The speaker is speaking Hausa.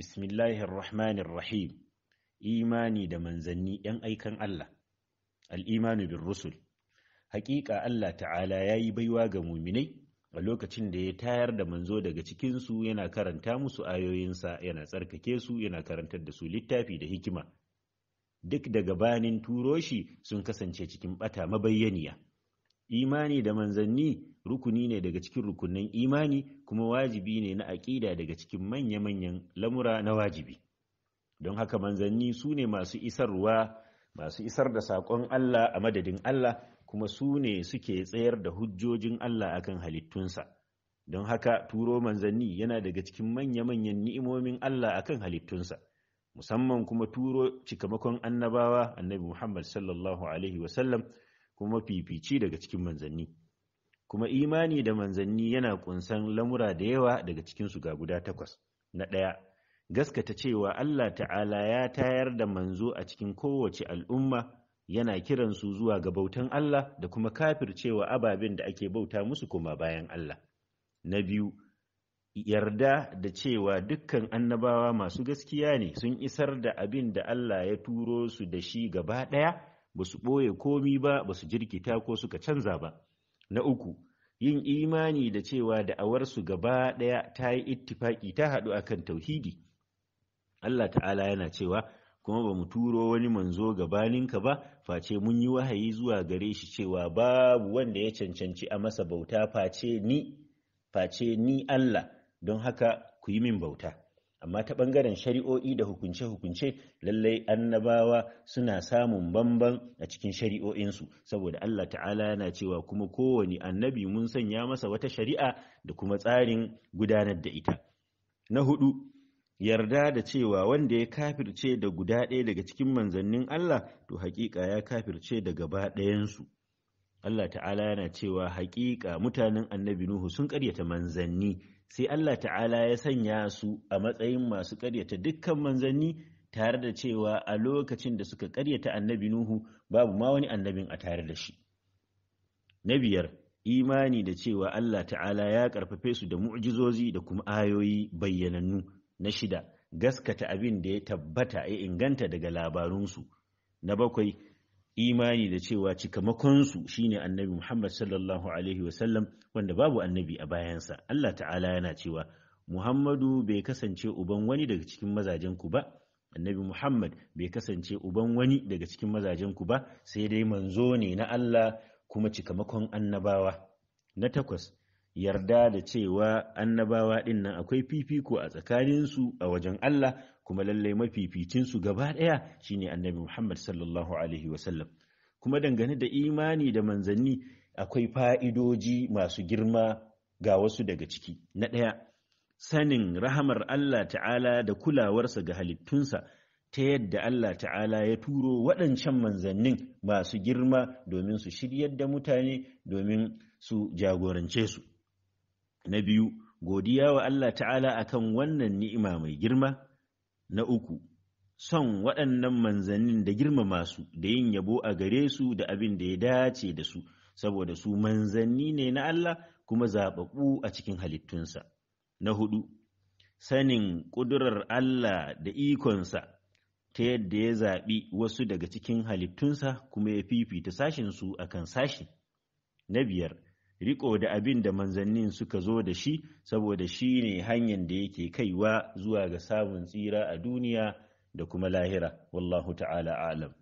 bismillahir rahmanir rahim imani da manzanni yan aikan Allah al-imanu bir rusul haƙiƙa Allah ta'ala ya yi baiwa ga muminai a lokacin da ya tayar da manzo daga cikinsu yana karanta musu ayoyinsa yana tsarkake su yana karantar da su littafi da hikima duk da gabanin turoshi sun kasance cikin ɓata mabayyaniya imani da manzanni rukuni ne daga cikin rukunin imani kuma wajibi ne na aƙida daga cikin manya-manyan lamura na wajibi don haka manzanni su ne masu isarwa masu isar da saƙon Allah a madadin Allah kuma su ne suke tsayar da hujjojin Allah akan halittunsa don haka turo manzanni yana daga cikin manya-manyan ni'imomin Allah akan halittunsa musamman kuma turo cikamakon annabawa annabi Muhammad sallallahu alaihi wasallam kuma fifici daga cikin manzanni kuma imani da manzanni yana kunsan lamura da yawa daga cikinsu ga guda takwas na ɗaya gaskata cewa Allah ta'ala ya tayar da manzo a cikin kowace al'umma yana kiran su zuwa ga bautan Allah da kuma cewa ababen da ake bauta musu kuma bayan Allah na biyu yarda da cewa dukkan annabawa masu gaskiya ne sun isar da abin da Allah ya turo su da shi gaba ɗaya ba su ɓoye komi ba ba su jirkita ko suka canza ba na uku yin imani da cewa da'awarsu gaba ɗaya ta yi ittifaki ta haɗu akan tauhidi Allah ta'ala yana cewa kuma ba mu turo wani manzo gabaninka ba face mun yi wahayi zuwa gare shi cewa babu wanda ya cancanci a masa bauta face face ni Allah don haka ku yi min bauta amma ta ɓangaren shari'o'i da hukunce-hukunce lallai annabawa suna samun bamban a cikin shari'o'insu saboda Allah ta'ala yana cewa kuma kowane annabi mun sanya masa wata shari'a da kuma tsarin gudanar da ita na hudu yarda da cewa wanda ya kafirce da guda ɗaya daga cikin manzannin Allah to hakika ya kafirce da gaba ɗayansu Allah ta'ala yana cewa haƙiƙa mutanen annabi Nuhu sun ƙaryata manzanni sai Allah ta'ala ya sanya su a matsayin masu ƙaryata dukkan manzanni tare da cewa a lokacin da suka ƙaryata annabi Nuhu babu ma wani annabin a tare da shi. Na biyar imani da cewa Allah ta'ala ya ƙarfafe su da mu'jizozi da kuma ayoyi bayyanannu. Na shida gaskata abin da ya tabbata ya inganta daga labarunsu. Na bakwai imani da cewa cikamakonsu shine annabi Muhammad sallallahu alaihi wasallam wanda babu annabi a bayansa Allah ta'ala yana cewa Muhammadu bai kasance uban wani daga cikin mazajen ku ba annabi Muhammad bai kasance uban wani daga cikin mazajen ku ba sai dai manzo ne na Allah kuma cikamakon annabawa na takwas yarda da cewa annabawa ɗinnan akwai fifiko a tsakaninsu a wajen Allah kuma lallai mafificin su gaba ɗaya shine annabi Muhammad sallallahu alaihi wasallam kuma dangane da imani da manzanni akwai fa'idoji masu girma ga wasu daga ciki na ɗaya sanin rahamar Allah ta'ala da kulawarsa ga halittunsa ta yadda Allah ta'ala ya turo waɗancan manzannin masu girma domin su shiryar da mutane domin su jagorance su na biyu godiya wa Allah ta'ala akan wannan ni'ima mai girma na uku son waɗannan manzannin da girmama su da yin yabo a gare su da abin da ya dace da su saboda su manzanni ne na Allah kuma zaɓaɓɓu a cikin halittunsa na hudu sanin ƙudurar Allah da ikonsa ta yadda ya zaɓi wasu daga cikin halittunsa kuma ya fifita sashinsu a kan sashi na biyar riko da abin da manzannin suka zo da shi saboda shi ne hanyar da yake kaiwa zuwa ga samun tsira a duniya da kuma lahira wallahu ta'ala alam